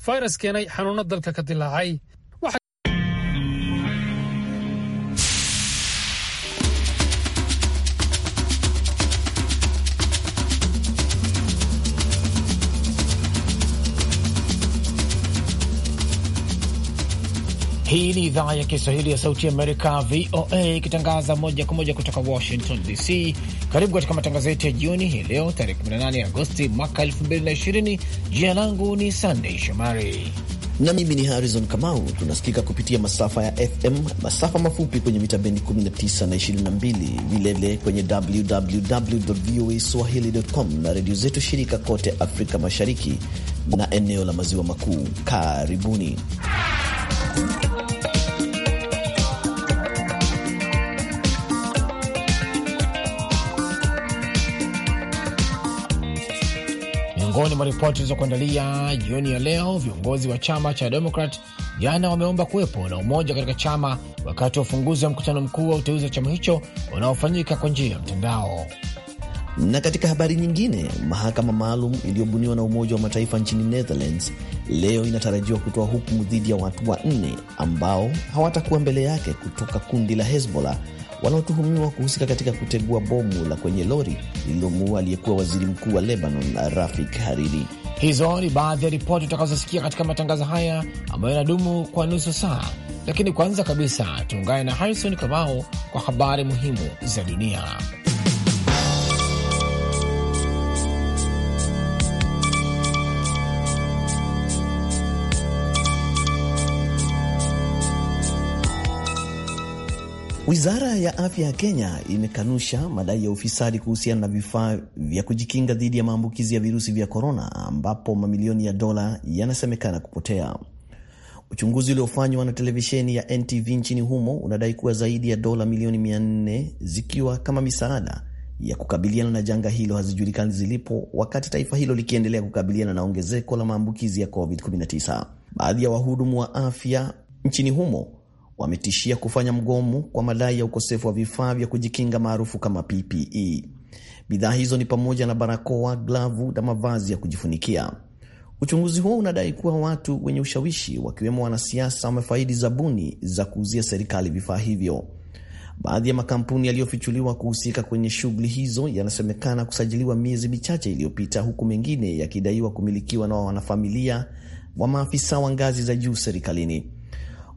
fayras keenay xanuuno dalka ka dilaacay Hii ni idhaa ya Kiswahili ya Sauti Amerika, VOA, ikitangaza moja kwa moja kutoka Washington DC. Karibu katika matangazo yetu ya jioni hii leo tarehe 18 Agosti mwaka 2020. Jina langu ni Sandey Shomari na mimi ni Harrison Kamau. Tunasikika kupitia masafa ya FM, masafa mafupi kwenye mita bendi 19 na 22, vilevile kwenye www voa swahili.com na redio zetu shirika kote Afrika Mashariki na eneo la maziwa makuu. Karibuni. Miongoni mwa ripoti zilizokuandalia jioni ya leo, viongozi wa chama cha Demokrat jana wameomba kuwepo na umoja katika chama wakati wa ufunguzi wa mkutano mkuu wa uteuzi wa chama hicho unaofanyika kwa njia ya mtandao. Na katika habari nyingine, mahakama maalum iliyobuniwa na Umoja wa Mataifa nchini Netherlands leo inatarajiwa kutoa hukumu dhidi ya watu wanne ambao hawatakuwa mbele yake kutoka kundi la Hezbollah wanaotuhumiwa kuhusika katika kutegua bomu la kwenye lori lililomuua aliyekuwa waziri mkuu wa Lebanon Rafik Hariri. Hizo ni baadhi ya ripoti utakazosikia katika matangazo haya ambayo yanadumu kwa nusu saa, lakini kwanza kabisa tuungane na Harrison Kamao kwa habari muhimu za dunia. Wizara ya afya ya Kenya imekanusha madai ya ufisadi kuhusiana na vifaa vya kujikinga dhidi ya maambukizi ya virusi vya korona, ambapo mamilioni ya dola yanasemekana kupotea. Uchunguzi uliofanywa na televisheni ya NTV nchini humo unadai kuwa zaidi ya dola milioni 400 zikiwa kama misaada ya kukabiliana na janga hilo hazijulikani zilipo, wakati taifa hilo likiendelea kukabiliana na ongezeko la maambukizi ya COVID-19. Baadhi ya wahudumu wa afya nchini humo wametishia kufanya mgomo kwa madai ya ukosefu wa vifaa vya kujikinga maarufu kama PPE. Bidhaa hizo ni pamoja na barakoa, glavu na mavazi ya kujifunikia. Uchunguzi huo unadai kuwa watu wenye ushawishi wakiwemo wanasiasa wamefaidi zabuni za kuuzia serikali vifaa hivyo. Baadhi ya makampuni yaliyofichuliwa kuhusika kwenye shughuli hizo yanasemekana kusajiliwa miezi michache iliyopita, huku mengine yakidaiwa kumilikiwa na wanafamilia wa maafisa wa ngazi za juu serikalini.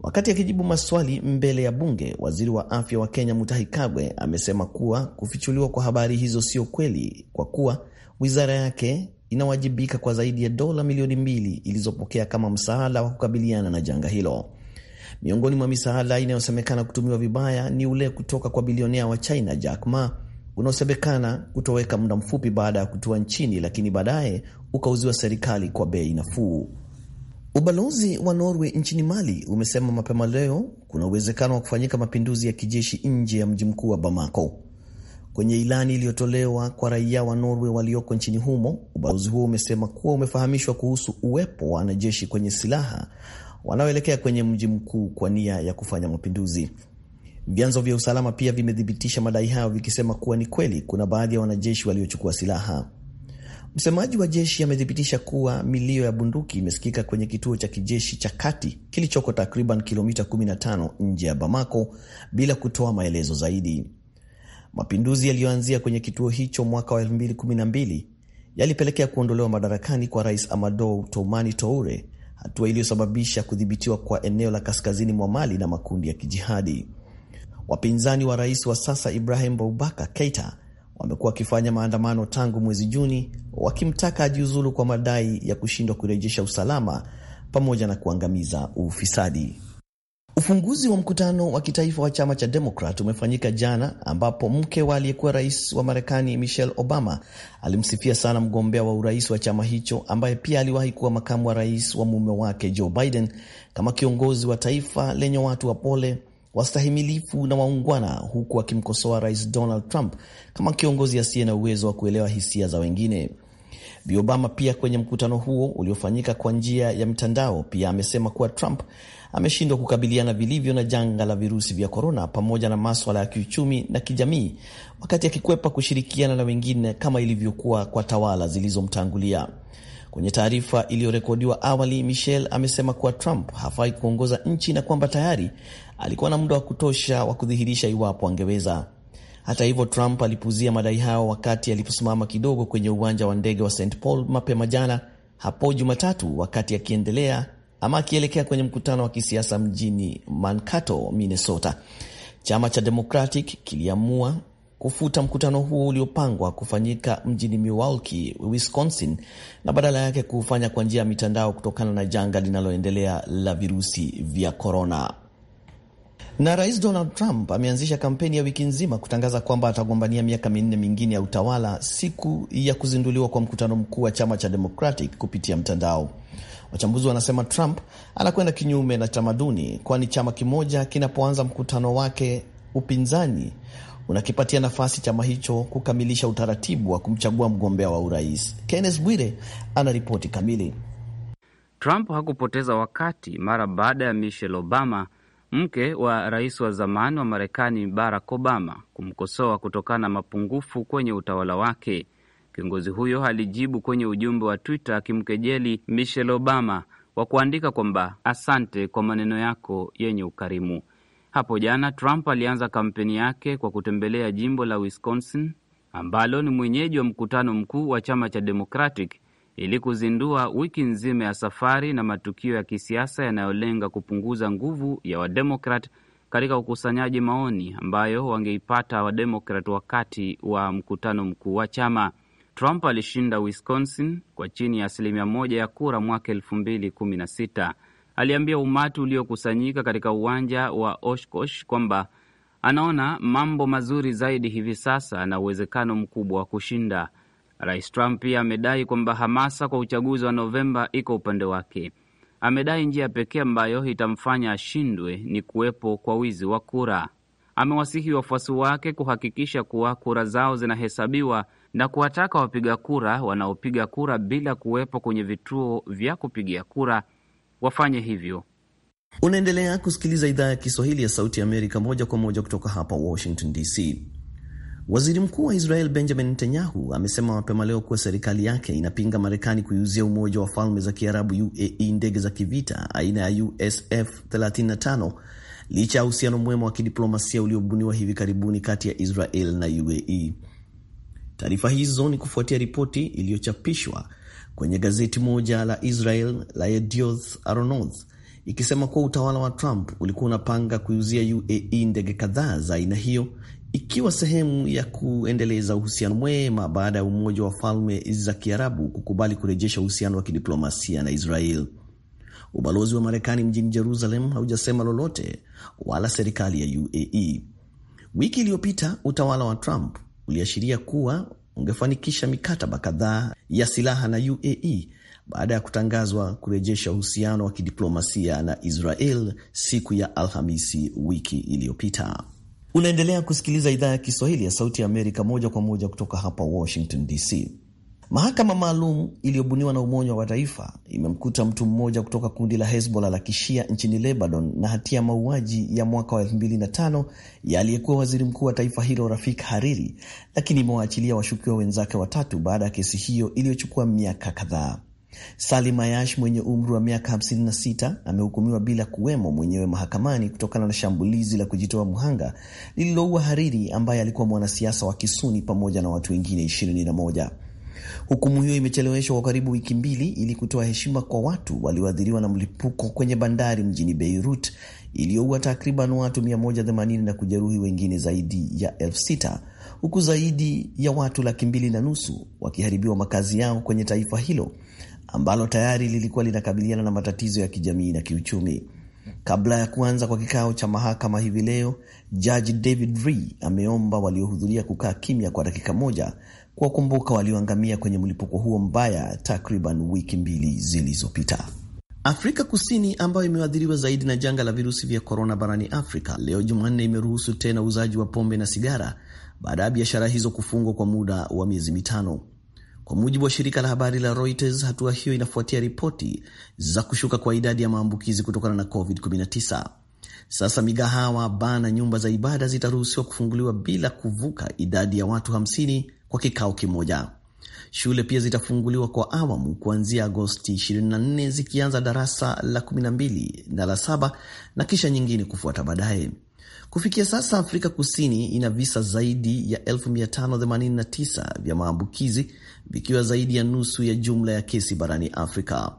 Wakati akijibu maswali mbele ya bunge, waziri wa afya wa Kenya Mutahi Kagwe amesema kuwa kufichuliwa kwa habari hizo sio kweli kwa kuwa wizara yake inawajibika kwa zaidi ya dola milioni mbili ilizopokea kama msaada wa kukabiliana na janga hilo. Miongoni mwa misaada inayosemekana kutumiwa vibaya ni ule kutoka kwa bilionea wa China Jack Ma unaosemekana kutoweka muda mfupi baada ya kutua nchini, lakini baadaye ukauziwa serikali kwa bei nafuu. Ubalozi wa Norway nchini Mali umesema mapema leo kuna uwezekano wa kufanyika mapinduzi ya kijeshi nje ya mji mkuu wa Bamako. Kwenye ilani iliyotolewa kwa raia wa Norway walioko nchini humo, ubalozi huo umesema kuwa umefahamishwa kuhusu uwepo wa wanajeshi kwenye silaha wanaoelekea kwenye mji mkuu kwa nia ya kufanya mapinduzi. Vyanzo vya usalama pia vimethibitisha madai hayo vikisema kuwa ni kweli kuna baadhi ya wanajeshi waliochukua silaha. Msemaji wa jeshi amethibitisha kuwa milio ya bunduki imesikika kwenye kituo cha kijeshi cha kati kilichoko takriban kilomita 15 nje ya Bamako bila kutoa maelezo zaidi. Mapinduzi yaliyoanzia kwenye kituo hicho mwaka wa 2012 yalipelekea kuondolewa madarakani kwa Rais Amadou Toumani Toure, hatua iliyosababisha kudhibitiwa kwa eneo la kaskazini mwa Mali na makundi ya kijihadi. Wapinzani wa rais wa sasa Ibrahim Boubacar Keita wamekuwa wakifanya maandamano tangu mwezi Juni wakimtaka ajiuzulu kwa madai ya kushindwa kurejesha usalama pamoja na kuangamiza ufisadi. Ufunguzi wa mkutano wa kitaifa wa chama cha Demokrat umefanyika jana, ambapo mke wa aliyekuwa rais wa Marekani Michelle Obama alimsifia sana mgombea wa urais wa chama hicho ambaye pia aliwahi kuwa makamu wa rais wa mume wake Joe Biden kama kiongozi wa taifa lenye watu wapole wastahimilifu na waungwana, huku akimkosoa Rais Donald Trump kama kiongozi asiye na uwezo wa kuelewa hisia za wengine. Bi Obama pia kwenye mkutano huo uliofanyika kwa njia ya mtandao pia amesema kuwa Trump ameshindwa kukabiliana vilivyo na janga la virusi vya korona pamoja na maswala ya kiuchumi na kijamii, wakati akikwepa kushirikiana na wengine kama ilivyokuwa kwa tawala zilizomtangulia. Kwenye taarifa iliyorekodiwa awali, Michelle amesema kuwa Trump hafai kuongoza nchi na kwamba tayari alikuwa na muda wa kutosha wa kudhihirisha iwapo angeweza. Hata hivyo, Trump alipuzia madai hayo wakati aliposimama kidogo kwenye uwanja wa ndege wa St Paul mapema jana hapo Jumatatu, wakati akiendelea ama akielekea kwenye mkutano wa kisiasa mjini Mankato, Minnesota. Chama cha Democratic kiliamua kufuta mkutano huo uliopangwa kufanyika mjini Milwaukee, Wisconsin, na badala yake kuufanya kwa njia ya mitandao kutokana na janga linaloendelea la virusi vya korona. Na Rais Donald Trump ameanzisha kampeni ya wiki nzima kutangaza kwamba atagombania miaka minne mingine ya utawala siku ya kuzinduliwa kwa mkutano mkuu wa chama cha Democratic kupitia mtandao. Wachambuzi wanasema Trump anakwenda kinyume na tamaduni, kwani chama kimoja kinapoanza mkutano wake, upinzani unakipatia nafasi chama hicho kukamilisha utaratibu wa kumchagua mgombea wa urais. Kenneth Bwire ana ripoti kamili. Trump hakupoteza wakati mara baada ya Michelle Obama mke wa rais wa zamani wa Marekani Barack Obama kumkosoa kutokana na mapungufu kwenye utawala wake. Kiongozi huyo alijibu kwenye ujumbe wa Twitter akimkejeli Michelle Obama wa kuandika kwamba asante kwa maneno yako yenye ukarimu. Hapo jana Trump alianza kampeni yake kwa kutembelea jimbo la Wisconsin ambalo ni mwenyeji wa mkutano mkuu wa chama cha Democratic ili kuzindua wiki nzima ya safari na matukio ya kisiasa yanayolenga kupunguza nguvu ya Wademokrat katika ukusanyaji maoni ambayo wangeipata Wademokrat wakati wa mkutano mkuu wa chama. Trump alishinda Wisconsin kwa chini ya asilimia moja ya kura mwaka elfu mbili kumi na sita. Aliambia umati uliokusanyika katika uwanja wa Oshkosh kwamba anaona mambo mazuri zaidi hivi sasa na uwezekano mkubwa wa kushinda. Rais Trump pia amedai kwamba hamasa kwa uchaguzi wa Novemba iko upande wake. Amedai njia pekee ambayo itamfanya ashindwe ni kuwepo kwa wizi wa kura. Amewasihi wafuasi wake kuhakikisha kuwa kura zao zinahesabiwa na kuwataka wapiga kura wanaopiga kura bila kuwepo kwenye vituo vya kupigia kura wafanye hivyo. Unaendelea kusikiliza idhaa ya Kiswahili ya Sauti ya Amerika moja kwa moja kutoka hapa Washington DC. Waziri mkuu wa Israel Benjamin Netanyahu amesema mapema leo kuwa serikali yake inapinga Marekani kuiuzia Umoja wa Falme za Kiarabu UAE ndege za kivita aina ya USF 35 licha ya uhusiano mwema wa kidiplomasia uliobuniwa hivi karibuni kati ya Israel na UAE. Taarifa hizo ni kufuatia ripoti iliyochapishwa kwenye gazeti moja la Israel la Yedioth Aronoth ikisema kuwa utawala wa Trump ulikuwa unapanga kuiuzia UAE ndege kadhaa za aina hiyo ikiwa sehemu ya kuendeleza uhusiano mwema baada ya Umoja wa Falme za Kiarabu kukubali kurejesha uhusiano wa kidiplomasia na Israel. Ubalozi wa Marekani mjini Jerusalem haujasema lolote wala serikali ya UAE. Wiki iliyopita utawala wa Trump uliashiria kuwa ungefanikisha mikataba kadhaa ya silaha na UAE baada ya kutangazwa kurejesha uhusiano wa kidiplomasia na Israel siku ya Alhamisi wiki iliyopita. Unaendelea kusikiliza idhaa ya Kiswahili ya Sauti ya Amerika moja kwa moja kutoka hapa Washington DC. Mahakama maalum iliyobuniwa na Umoja wa Mataifa imemkuta mtu mmoja kutoka kundi la Hezbollah la Kishia nchini Lebanon na hatia ya mauaji ya mwaka wa 2005 ya aliyekuwa waziri mkuu wa taifa hilo Rafik Hariri, lakini imewaachilia washukiwa wenzake watatu baada ya kesi hiyo iliyochukua miaka kadhaa. Salim Ayash mwenye umri wa miaka 56 amehukumiwa bila kuwemo mwenyewe mahakamani kutokana na shambulizi la kujitoa mhanga lililoua Hariri ambaye alikuwa mwanasiasa wa Kisuni pamoja na watu wengine 21. Hukumu hiyo imecheleweshwa kwa karibu wiki mbili ili kutoa heshima kwa watu walioathiriwa na mlipuko kwenye bandari mjini Beirut iliyoua takriban watu 180 na kujeruhi wengine zaidi ya elfu sita huku zaidi ya watu laki mbili na nusu wakiharibiwa makazi yao kwenye taifa hilo ambalo tayari lilikuwa linakabiliana na matatizo ya kijamii na kiuchumi. Kabla ya kuanza kwa kikao cha mahakama hivi leo, jaji David Ree ameomba waliohudhuria kukaa kimya kwa dakika moja kuwakumbuka walioangamia kwenye mlipuko huo mbaya takriban wiki mbili zilizopita. Afrika Kusini ambayo imeathiriwa zaidi na janga la virusi vya korona barani Afrika, leo Jumanne imeruhusu tena uuzaji wa pombe na sigara baada ya biashara hizo kufungwa kwa muda wa miezi mitano. Kwa mujibu wa shirika la habari la Reuters, hatua hiyo inafuatia ripoti za kushuka kwa idadi ya maambukizi kutokana na COVID-19. Sasa migahawa, baa na nyumba za ibada zitaruhusiwa kufunguliwa bila kuvuka idadi ya watu 50 kwa kikao kimoja. Shule pia zitafunguliwa kwa awamu kuanzia Agosti 24 zikianza darasa la 12 na la 7 na kisha nyingine kufuata baadaye. Kufikia sasa Afrika Kusini ina visa zaidi ya 589 vya maambukizi vikiwa zaidi ya nusu ya jumla ya kesi barani Afrika.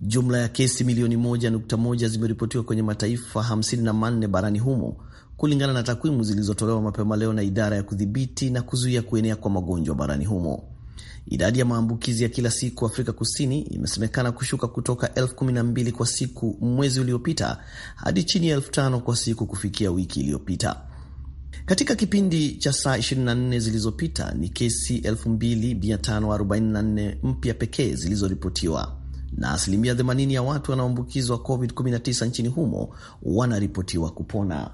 Jumla ya kesi milioni 1.1 zimeripotiwa kwenye mataifa 54 barani humo kulingana na takwimu zilizotolewa mapema leo na idara ya kudhibiti na kuzuia kuenea kwa magonjwa barani humo. Idadi ya maambukizi ya kila siku Afrika Kusini imesemekana kushuka kutoka elfu kumi na mbili kwa siku mwezi uliopita hadi chini ya elfu tano kwa siku kufikia wiki iliyopita. Katika kipindi cha saa 24 zilizopita ni kesi 2544 mpya pekee zilizoripotiwa na asilimia 80 ya watu wanaoambukizwa COVID-19 nchini humo wanaripotiwa kupona.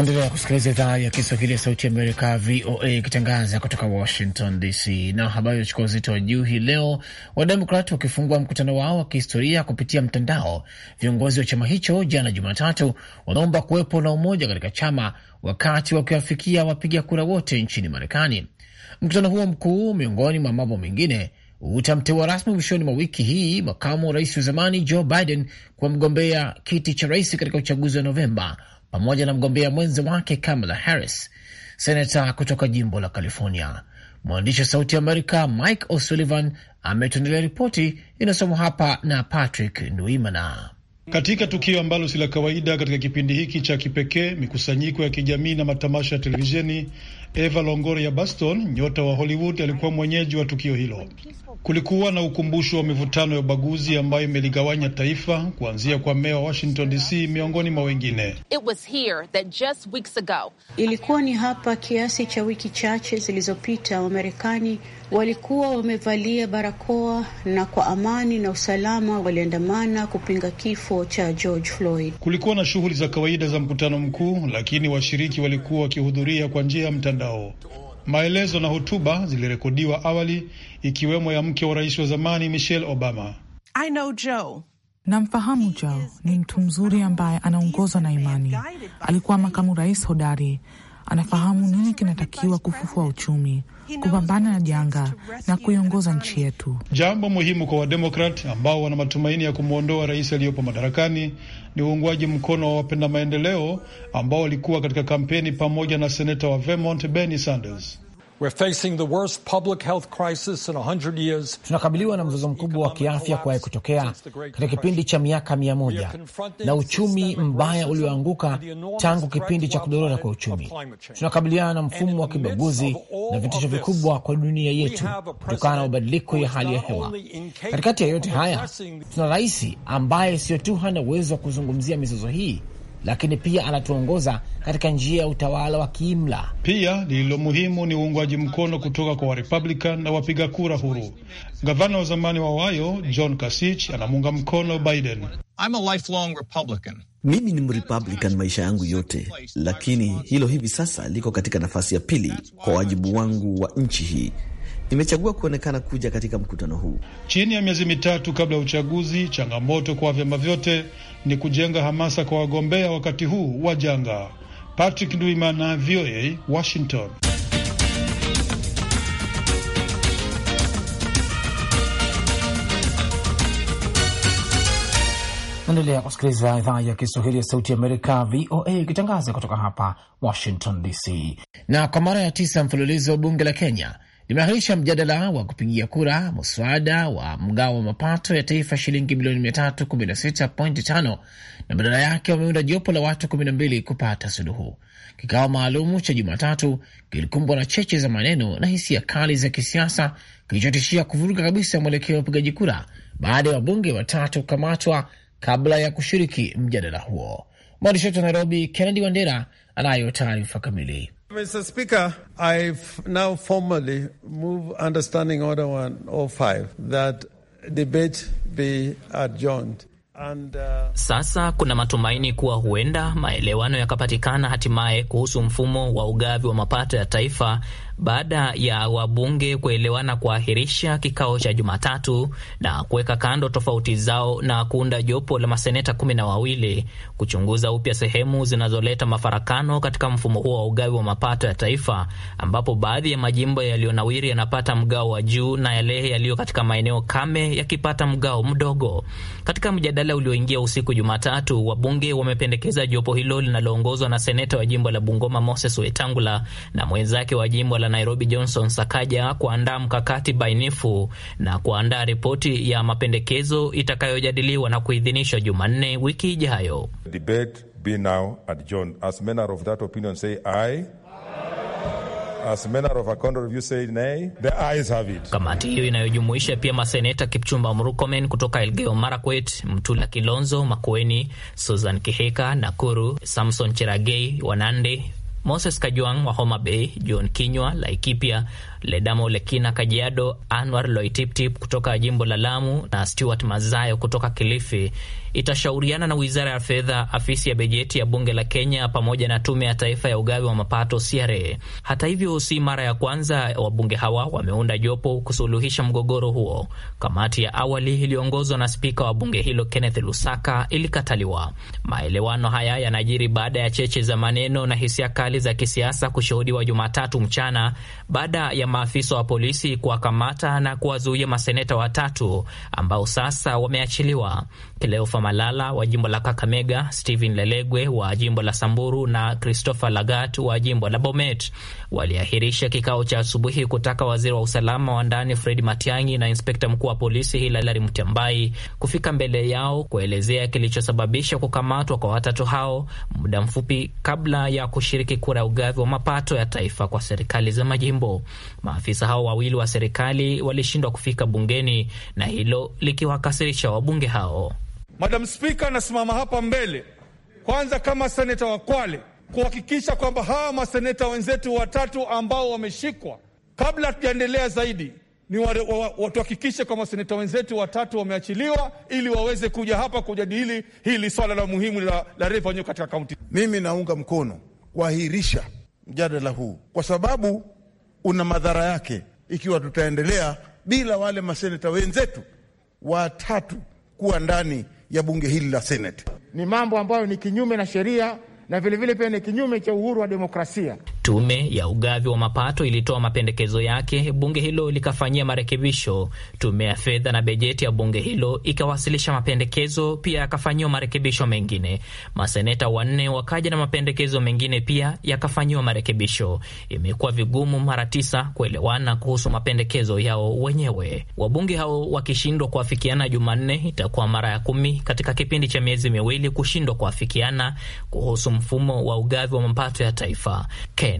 Naendelea kusikiliza idhaa ya Kiswahili ya Sauti ya Amerika, VOA, ikitangaza kutoka Washington DC. Na habari yachukua uzito wa juu hii leo, Wademokrat wakifungua mkutano wao wa kihistoria kupitia mtandao. Viongozi wa chama hicho jana Jumatatu wanaomba kuwepo na umoja katika chama wakati wakiwafikia wapiga kura wote nchini Marekani. Mkutano huo mkuu, miongoni mwa mambo mengine, utamteua rasmi mwishoni mwa wiki hii makamu wa rais wa zamani Joe Biden kuwa mgombea kiti cha rais katika uchaguzi wa Novemba pamoja na mgombea mwenzi wake Kamala Harris, senata kutoka jimbo la California. Mwandishi wa Sauti ya Amerika Mike O'Sullivan ametuendelea ripoti inayosomwa hapa na Patrick Nduimana. Katika tukio ambalo si la kawaida katika kipindi hiki cha kipekee, mikusanyiko ya kijamii na matamasha ya televisheni, Eva Longoria Baston, nyota wa Hollywood, alikuwa mwenyeji wa tukio hilo. Kulikuwa na ukumbusho wa mivutano ya ubaguzi ambayo imeligawanya taifa kuanzia kwa meya wa Washington DC miongoni mwa wengine. Ilikuwa ni hapa kiasi cha wiki chache zilizopita, Wamarekani walikuwa wamevalia barakoa na kwa amani na usalama waliandamana kupinga kifo cha George Floyd. Kulikuwa na shughuli za kawaida za mkutano mkuu, lakini washiriki walikuwa wakihudhuria kwa njia ya mtandao mtandao. Maelezo na hotuba zilirekodiwa awali, ikiwemo ya mke wa rais wa zamani Michelle Obama. I know Joe. Namfahamu Joe, ni mtu mzuri ambaye anaongozwa na imani. Alikuwa makamu rais hodari anafahamu nini kinatakiwa kufufua uchumi, kupambana na janga na kuiongoza nchi yetu, jambo muhimu kwa Wademokrat ambao wana matumaini ya kumwondoa rais aliyopo madarakani ni uungwaji mkono wa wapenda maendeleo ambao walikuwa katika kampeni pamoja na seneta wa Vermont Bernie Sanders. We're facing the worst public health crisis in 100 years. Tunakabiliwa na mzozo mkubwa wa kiafya kuwahi kutokea katika kipindi cha miaka mia moja na uchumi mbaya ulioanguka tangu kipindi cha kudorora kwa uchumi. Tunakabiliana na mfumo wa kibaguzi na vitisho vikubwa kwa dunia yetu kutokana na mabadiliko ya hali ya hewa. Katikati ya yote haya, tuna rais ambaye sio tu hana uwezo wa kuzungumzia mizozo hii lakini pia anatuongoza katika njia ya utawala wa kiimla. Pia lililo muhimu ni uungwaji mkono kutoka kwa Warepublican na wapiga kura huru. Gavana wa zamani wa Ohio John Kasich anamuunga mkono Biden. I'm a lifelong Republican. Mimi ni Mrepublican maisha yangu yote, lakini hilo hivi sasa liko katika nafasi ya pili kwa wajibu wangu wa nchi hii. Nimechagua kuonekana kuja katika mkutano huu. Chini ya miezi mitatu kabla ya uchaguzi, changamoto kwa vyama vyote ni kujenga hamasa kwa wagombea wakati huu wa janga. Patrick Ndwimana, VOA, Washington. Endelea kusikiliza idhaa ya Kiswahili ya Sauti Amerika, VOA, ikitangaza kutoka hapa Washington DC. Na kwa mara ya tisa mfululizo wa bunge la Kenya limeahirisha mjadala wa kupigia kura mswada wa mgao wa mapato ya taifa shilingi bilioni 316.5 na badala yake wameunda jopo la watu 12 kupata suluhu. Kikao maalumu cha Jumatatu kilikumbwa na cheche za maneno na hisia kali za kisiasa kilichotishia kuvuruga kabisa mwelekeo wa upigaji kura baada ya wabunge watatu kukamatwa kabla ya kushiriki mjadala huo. Mwandishi wetu wa Nairobi, Kennedy Wandera, anayo taarifa kamili. Mr. Speaker, I've now formally move understanding order 105 that debate be adjourned. And, uh, sasa kuna matumaini kuwa huenda maelewano yakapatikana hatimaye kuhusu mfumo wa ugavi wa mapato ya taifa baada ya wabunge kuelewana kuahirisha kikao cha Jumatatu na kuweka kando tofauti zao na kuunda jopo la maseneta kumi na wawili kuchunguza upya sehemu zinazoleta mafarakano katika mfumo huo wa ugawi wa mapato ya taifa, ambapo baadhi ya majimbo yaliyonawiri yanapata mgao wa juu na yale yaliyo katika maeneo kame yakipata mgao mdogo. Katika mjadala ulioingia usiku Jumatatu, wabunge wamependekeza jopo hilo linaloongozwa na seneta wa jimbo la Bungoma Moses Wetangula na mwenzake wa jimbo la Nairobi Johnson Sakaja kuandaa mkakati bainifu na kuandaa ripoti ya mapendekezo itakayojadiliwa na kuidhinishwa Jumanne wiki ijayo. Kamati hiyo inayojumuisha pia maseneta Kipchumba mrukomen kutoka Elgeyo Marakwet, Mtula Kilonzo Makueni, Susan Kihika, Nakuru, Samson Cheragei wanande Moses Kajwang' wa Homa Bay, John Kinywa Laikipia Ledamo Lekina Kajiado, Anwar Loitiptip kutoka jimbo la Lamu na Stuart Mazayo kutoka Kilifi itashauriana na wizara ya fedha, afisi ya bajeti ya bunge la Kenya pamoja na tume ya taifa ya ugavi wa mapato CRA. Hata hivyo, si mara ya kwanza wabunge hawa wameunda jopo kusuluhisha mgogoro huo. Kamati ya awali iliyoongozwa na spika wa bunge hilo Kenneth Lusaka ilikataliwa. Maelewano haya yanajiri baada ya cheche za maneno na hisia kali za kisiasa kushuhudiwa Jumatatu mchana baada ya maafisa wa polisi kuwakamata na kuwazuia maseneta watatu ambao sasa wameachiliwa. kleofa Malala wa jimbo la Kakamega, Stephen Lelegwe wa jimbo la Samburu na Christopher Lagat wa jimbo la Bomet waliahirisha kikao cha asubuhi kutaka waziri wa usalama wa ndani Fred Matiang'i na inspekta mkuu wa polisi hilalari Mutyambai kufika mbele yao kuelezea kilichosababisha kukamatwa kwa watatu hao muda mfupi kabla ya kushiriki kura ya ugavi wa mapato ya taifa kwa serikali za majimbo. Maafisa hao wawili wa serikali walishindwa kufika bungeni na hilo likiwakasirisha wabunge hao. Madam Spika, anasimama hapa mbele kwanza kama seneta wa Kwale kuhakikisha kwamba hawa maseneta wenzetu watatu ambao wameshikwa, kabla hatujaendelea zaidi, ni watuhakikishe kwamba maseneta wenzetu watatu wameachiliwa ili waweze kuja hapa kujadili hili swala la muhimu la, la revenue katika kaunti. Mimi naunga mkono kuahirisha mjadala huu kwa sababu una madhara yake ikiwa tutaendelea bila wale maseneta wenzetu watatu kuwa ndani ya bunge hili la Seneti. Ni mambo ambayo ni kinyume na sheria na vilevile pia ni kinyume cha uhuru wa demokrasia. Tume ya ugavi wa mapato ilitoa mapendekezo yake, bunge hilo likafanyia marekebisho. Tume ya fedha na bajeti ya bunge hilo ikawasilisha mapendekezo, pia yakafanyiwa marekebisho mengine. Maseneta wanne wakaja na mapendekezo mengine, pia yakafanyiwa marekebisho. Imekuwa vigumu mara tisa kuelewana kuhusu mapendekezo yao wenyewe. Wabunge hao wakishindwa kuafikiana Jumanne, itakuwa mara ya kumi katika kipindi cha miezi miwili kushindwa kuafikiana kuhusu mfumo wa ugavi wa mapato ya taifa Ken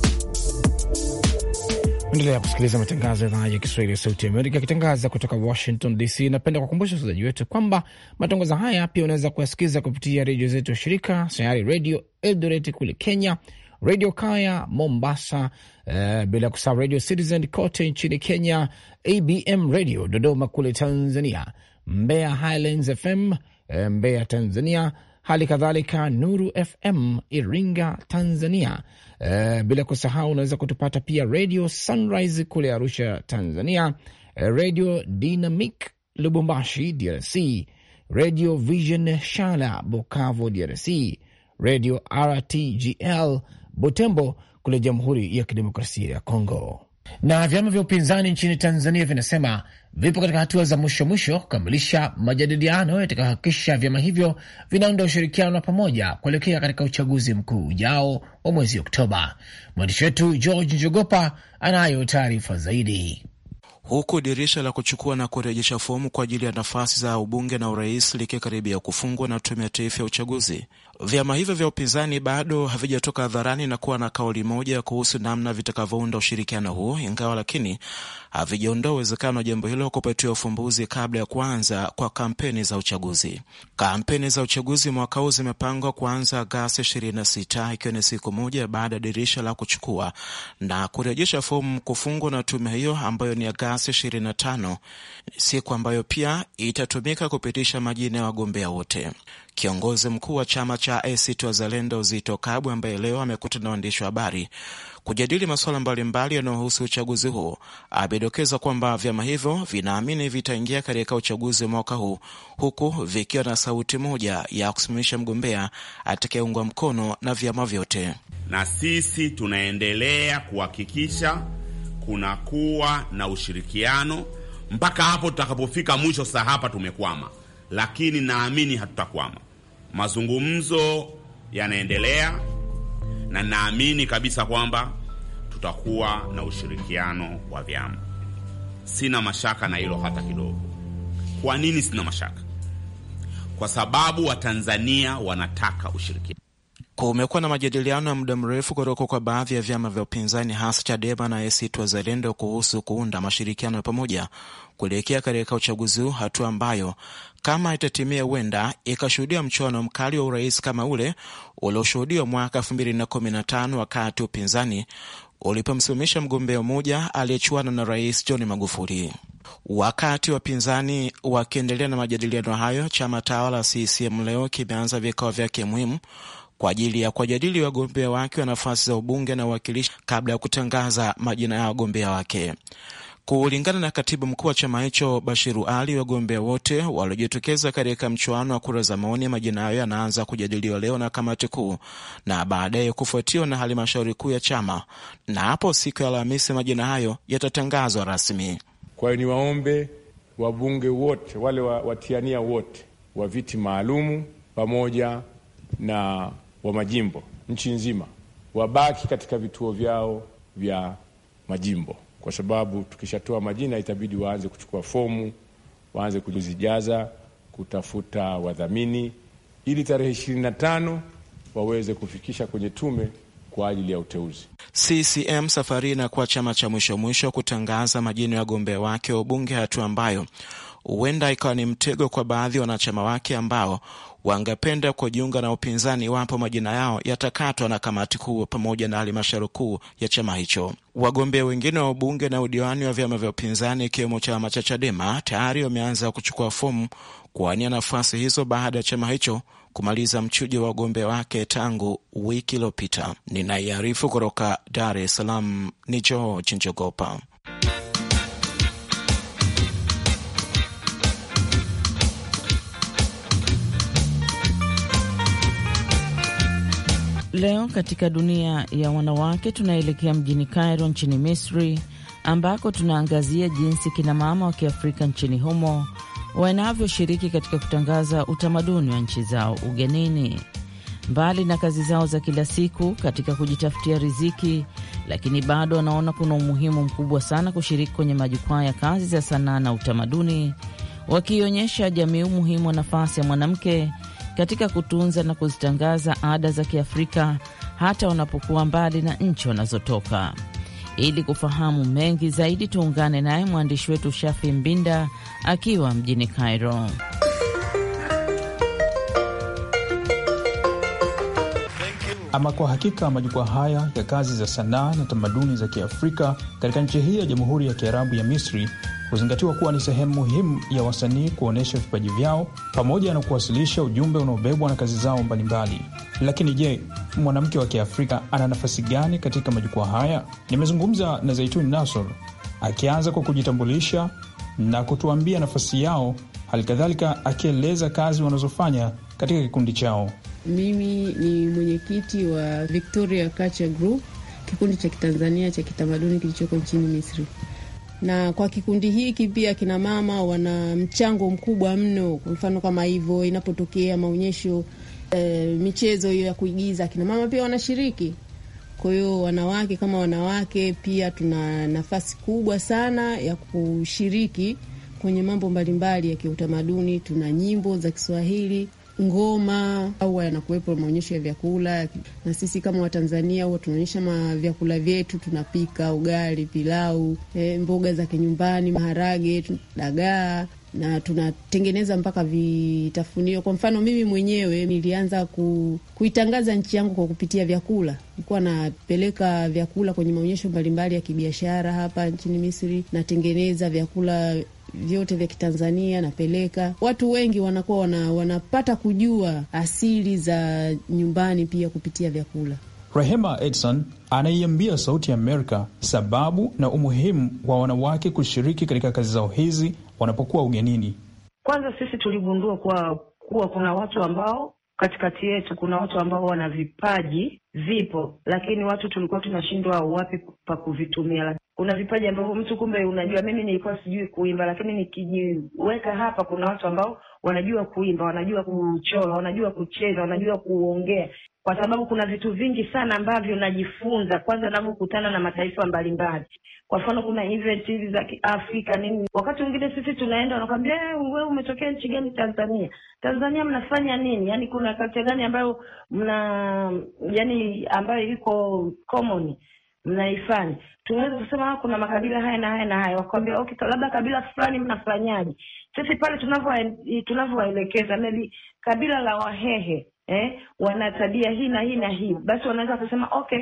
Endelea kusikiliza matangazo ya idhaa ya Kiswahili ya Sauti Amerika yakitangaza kutoka Washington DC. Napenda kuwakumbusha wasikilizaji wetu kwamba matangazo haya pia unaweza kuyasikiliza kupitia redio zetu ya shirika Sayari Redio Eldoret kule Kenya, Redio Kaya Mombasa, uh, bila kusahau Radio Citizen kote nchini Kenya, ABM Radio Dodoma kule Tanzania, Mbeya Highlands FM eh, Mbeya Tanzania, hali kadhalika Nuru FM Iringa, Tanzania. E, bila kusahau unaweza kutupata pia Radio Sunrise kule Arusha, Tanzania, eh, Radio Dynamic Lubumbashi, DRC, Radio Vision Shala Bukavu, DRC, Radio RTGL Butembo kule Jamhuri ya Kidemokrasia ya Kongo. Na vyama vya upinzani nchini Tanzania vinasema vipo katika hatua za mwisho mwisho kukamilisha majadiliano yatakayohakikisha vyama hivyo vinaunda ushirikiano wa pamoja kuelekea katika uchaguzi mkuu ujao wa mwezi Oktoba. Mwandishi wetu George Njogopa anayo taarifa zaidi huku dirisha la kuchukua na kurejesha fomu kwa ajili ya nafasi za ubunge na urais likikaribia kufungwa na Tume ya Taifa ya Uchaguzi, vyama hivyo vya upinzani bado havijatoka hadharani na kuwa na kauli moja kuhusu namna vitakavyounda ushirikiano huo, ingawa lakini havijaondoa uwezekano wa jambo hilo kupatiwa ufumbuzi kabla ya kuanza kwa kampeni za uchaguzi. Kampeni za uchaguzi mwaka huu zimepangwa kuanza Agasti 26 ikiwa ni siku moja baada ya dirisha la kuchukua na kurejesha fomu kufungwa na tume hiyo ambayo ni Agasti kiasi 25 siku ambayo pia itatumika kupitisha majina ya wagombea wote. Kiongozi mkuu wa chama cha ACT Wazalendo Zito Kabwe, ambaye leo amekutana na waandishi wa habari kujadili masuala mbalimbali yanayohusu uchaguzi huo, amedokeza kwamba vyama hivyo vinaamini vitaingia katika uchaguzi mwaka huu huku vikiwa na sauti moja ya kusimamisha mgombea atakayeungwa mkono na vyama vyote. Na sisi tunaendelea kuhakikisha kunakuwa na ushirikiano mpaka hapo tutakapofika mwisho. Sasa hapa tumekwama, lakini naamini hatutakwama. Mazungumzo yanaendelea na naamini kabisa kwamba tutakuwa na ushirikiano wa vyama. Sina mashaka na hilo hata kidogo. Kwa nini sina mashaka? Kwa sababu Watanzania wanataka ushirikiano. Kumekuwa na majadiliano ya muda mrefu kutoka kwa baadhi ya vyama vya upinzani hasa Chadema na ACT Wazalendo kuhusu kuunda mashirikiano ya pamoja kuelekea katika uchaguzi huu, hatua ambayo kama itatimia huenda ikashuhudia mchuano mkali wa urais kama ule ulioshuhudiwa mwaka tano wakati upinzani ulipomsimamisha mgombea mmoja aliyechuana na Rais John Magufuli. Wakati wapinzani wakiendelea na majadiliano hayo, chama tawala CCM leo kimeanza vikao vyake muhimu kwa ajili ya kuwajadili wagombea wake wa nafasi za ubunge na uwakilishi kabla ya kutangaza majina ya wagombea wake. Kulingana na katibu mkuu wa chama hicho Bashiru Ali, wagombea wote waliojitokeza katika mchuano wa kura za maoni, majina hayo yanaanza kujadiliwa leo na kamati kuu na baadaye kufuatiwa na halmashauri kuu ya chama, na hapo siku ya Alhamisi majina hayo yatatangazwa rasmi. Kwa hiyo niwaombe wabunge wote wale watiania wote wa viti maalumu pamoja na wa majimbo nchi nzima wabaki katika vituo vyao vya majimbo, kwa sababu tukishatoa majina itabidi waanze kuchukua fomu, waanze kuzijaza, kutafuta wadhamini, ili tarehe ishirini na tano waweze kufikisha kwenye tume kwa ajili ya uteuzi. CCM safari inakuwa chama cha mwisho mwisho kutangaza majina ya wagombea wake wa ubunge, hatua ambayo huenda ikawa ni mtego kwa baadhi ya wanachama wake ambao wangependa kujiunga na upinzani iwapo majina yao yatakatwa na kamati kuu pamoja na halmashauri kuu ya chama hicho. Wagombea wengine wa ubunge na udiwani wa vyama vya upinzani ikiwemo chama cha Chadema tayari wameanza kuchukua fomu kuwania nafasi hizo baada ya chama hicho kumaliza mchujo wa wagombea wake tangu wiki iliyopita. Ninaiarifu kutoka Dar es Salaam ni George Njogopa. Leo katika dunia ya wanawake tunaelekea mjini Cairo nchini Misri, ambako tunaangazia jinsi kinamama wa Kiafrika nchini humo wanavyoshiriki katika kutangaza utamaduni wa nchi zao ugenini. Mbali na kazi zao za kila siku katika kujitafutia riziki, lakini bado wanaona kuna umuhimu mkubwa sana kushiriki kwenye majukwaa ya kazi za sanaa na utamaduni, wakiionyesha jamii umuhimu wa nafasi ya mwanamke katika kutunza na kuzitangaza ada za Kiafrika hata wanapokuwa mbali na nchi wanazotoka. Ili kufahamu mengi zaidi, tuungane naye mwandishi wetu Shafi Mbinda akiwa mjini Cairo. Ama kwa hakika majukwaa haya ya kazi za sanaa na tamaduni za Kiafrika katika nchi hii ya Jamhuri ya Kiarabu ya Misri kuzingatiwa kuwa ni sehemu muhimu ya wasanii kuonyesha vipaji vyao pamoja na kuwasilisha ujumbe unaobebwa na kazi zao mbalimbali. Lakini je, mwanamke wa Kiafrika ana nafasi gani katika majukwaa haya? Nimezungumza na Zaituni Nasor akianza kwa kujitambulisha na kutuambia nafasi yao, hali kadhalika akieleza kazi wanazofanya katika kikundi chao. Mimi ni mwenyekiti wa Victoria Culture Group, kikundi cha kitanzania cha kitamaduni kilichoko nchini Misri na kwa kikundi hiki pia kina mama wana mchango mkubwa mno. Kwa mfano kama hivyo inapotokea maonyesho e, michezo hiyo ya kuigiza kina mama pia wanashiriki. Kwa hiyo wanawake kama wanawake pia tuna nafasi kubwa sana ya kushiriki kwenye mambo mbalimbali ya kiutamaduni. Tuna nyimbo za Kiswahili ngoma au yanakuwepo maonyesho ya vyakula, na sisi kama Watanzania huwa tunaonyesha vyakula vyetu, tunapika ugali, pilau, e, mboga za kinyumbani, maharage, dagaa na tunatengeneza mpaka vitafunio. Kwa mfano, mimi mwenyewe nilianza ku, kuitangaza nchi yangu kwa kupitia vyakula. Nilikuwa napeleka vyakula kwenye maonyesho mbalimbali ya kibiashara hapa nchini Misri, natengeneza vyakula vyote vya Kitanzania napeleka. Watu wengi wanakuwa wana, wanapata kujua asili za nyumbani pia kupitia vyakula. Rehema Edson anaiambia Sauti ya Amerika sababu na umuhimu wa wanawake kushiriki katika kazi zao hizi wanapokuwa ugenini. Kwanza sisi tuligundua kuwa, kuwa kuna watu ambao katikati yetu kuna watu ambao wana vipaji vipo, lakini watu tulikuwa tunashindwa wapi pa kuvitumia una vipaji ambavyo mtu kumbe, unajua, mimi nilikuwa sijui kuimba, lakini nikijiweka hapa, kuna watu ambao wanajua kuimba, wanajua kuchora, wanajua kucheza, wanajua kuongea, kwa sababu kuna vitu vingi sana ambavyo najifunza kwanza navyokutana na mataifa mbalimbali. Kwa mfano, kuna event hizi za Kiafrika nini, wakati mwingine sisi tunaenda, wanakwambia eh, wewe umetokea nchi gani? Tanzania. Tanzania mnafanya nini? Yani kuna kalcha gani ambayo mna yani ambayo iko common mnaifanya. Tunaweza kusema kuna makabila haya na haya na haya, wakwambia okay, labda kabila fulani mnafanyaje? Sisi pale tunavyowaelekeza, maybe kabila la Wahehe eh, wana tabia hii na hii na hii, basi wanaweza kusema okay,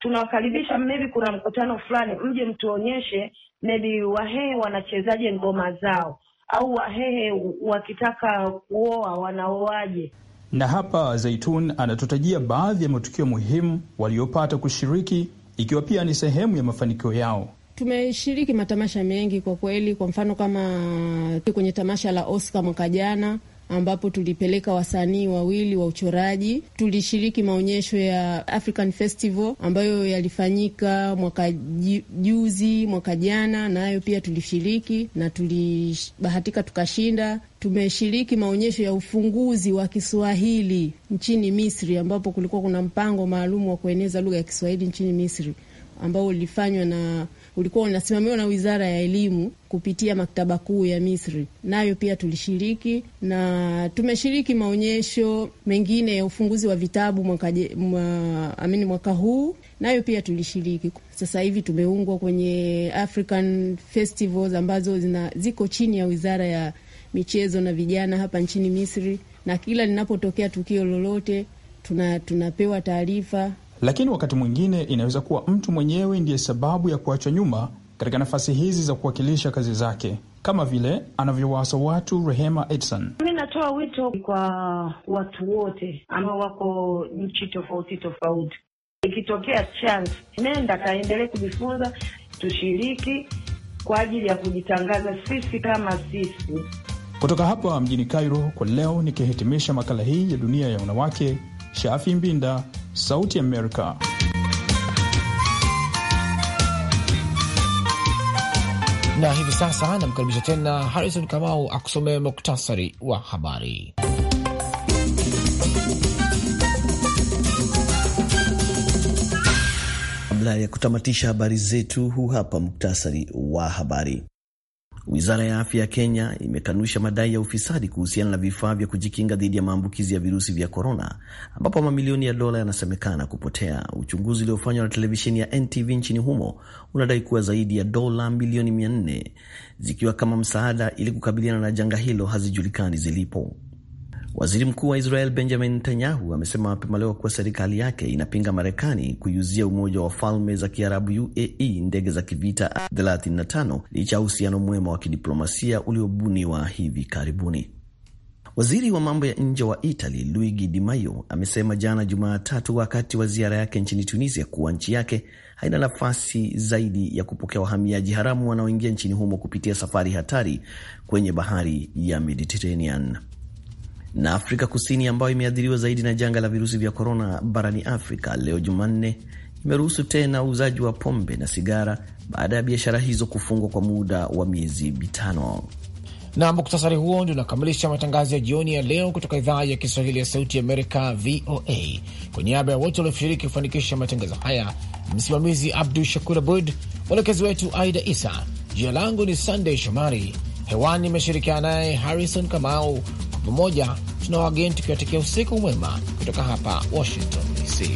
tunawakaribisha maybe kuna mkutano fulani, mje mtuonyeshe maybe Wahehe wanachezaje ngoma zao, au Wahehe wakitaka kuoa wanaoaje. Na hapa zeitun anatutajia baadhi ya matukio muhimu waliopata kushiriki ikiwa pia ni sehemu ya mafanikio yao. Tumeshiriki matamasha mengi kwa kweli, kwa mfano kama kwenye tamasha la Oscar mwaka jana ambapo tulipeleka wasanii wawili wa uchoraji. Tulishiriki maonyesho ya African Festival ambayo yalifanyika mwaka juzi, mwaka jana, nayo pia tulishiriki na tulibahatika tukashinda tumeshiriki maonyesho ya ufunguzi wa Kiswahili nchini Misri, ambapo kulikuwa kuna mpango maalum wa kueneza lugha ya Kiswahili nchini Misri ambao ulifanywa na ulikuwa unasimamiwa na Wizara ya Elimu kupitia maktaba kuu ya Misri. Nayo pia tulishiriki na tumeshiriki maonyesho mengine ya ufunguzi wa vitabu mwaka, mwa, amini mwaka huu nayo pia tulishiriki. Sasa hivi tumeungwa kwenye African Festivals ambazo zina, ziko chini ya Wizara ya michezo na vijana hapa nchini Misri, na kila linapotokea tukio lolote tuna, tunapewa taarifa. Lakini wakati mwingine inaweza kuwa mtu mwenyewe ndiye sababu ya kuachwa nyuma katika nafasi hizi za kuwakilisha kazi zake kama vile anavyowaasa watu Rehema Edson. Mi natoa wito kwa watu wote ambao wako nchi tofauti tofauti, ikitokea chance, nenda kaendelee kujifunza, tushiriki kwa ajili ya kujitangaza sisi kama sisi. Kutoka hapa mjini Cairo kwa leo, nikihitimisha makala hii ya dunia ya wanawake, Shafi Mbinda, Sauti Amerika. Na hivi sasa namkaribisha tena Harrison Kamau akusomea muktasari wa habari. Kabla ya kutamatisha habari zetu, huu hapa muktasari wa habari. Wizara ya afya ya Kenya imekanusha madai ya ufisadi kuhusiana na vifaa vya kujikinga dhidi ya maambukizi ya virusi vya korona, ambapo mamilioni ya dola yanasemekana kupotea. Uchunguzi uliofanywa na televisheni ya NTV nchini humo unadai kuwa zaidi ya dola milioni 400 zikiwa kama msaada ili kukabiliana na janga hilo hazijulikani zilipo. Waziri mkuu wa Israel Benjamin Netanyahu amesema mapema leo kuwa serikali yake inapinga Marekani kuiuzia Umoja wa Falme za Kiarabu UAE ndege za kivita 35 licha ya uhusiano mwema wa kidiplomasia uliobuniwa hivi karibuni. Waziri wa mambo ya nje wa Italy Luigi Di Maio amesema jana Jumatatu wakati wa ziara yake nchini Tunisia kuwa nchi yake haina nafasi zaidi ya kupokea wahamiaji haramu wanaoingia nchini humo kupitia safari hatari kwenye bahari ya Mediterranean na Afrika Kusini ambayo imeathiriwa zaidi na janga la virusi vya korona barani Afrika, leo Jumanne imeruhusu tena uuzaji wa pombe na sigara baada ya biashara hizo kufungwa kwa muda wa miezi mitano. Na muktasari huo ndio unakamilisha matangazo ya jioni ya leo kutoka idhaa ya Kiswahili ya Sauti Amerika, VOA. Kwa niaba ya wote walioshiriki kufanikisha matangazo haya, msimamizi Abdu Shakur Abud, mwelekezi wetu Aida Isa. Jina langu ni Sandey Shomari, hewani imeshirikiana naye Harrison Kamau pamoja tuna wageni tukiwatakia usiku mwema kutoka hapa Washington DC.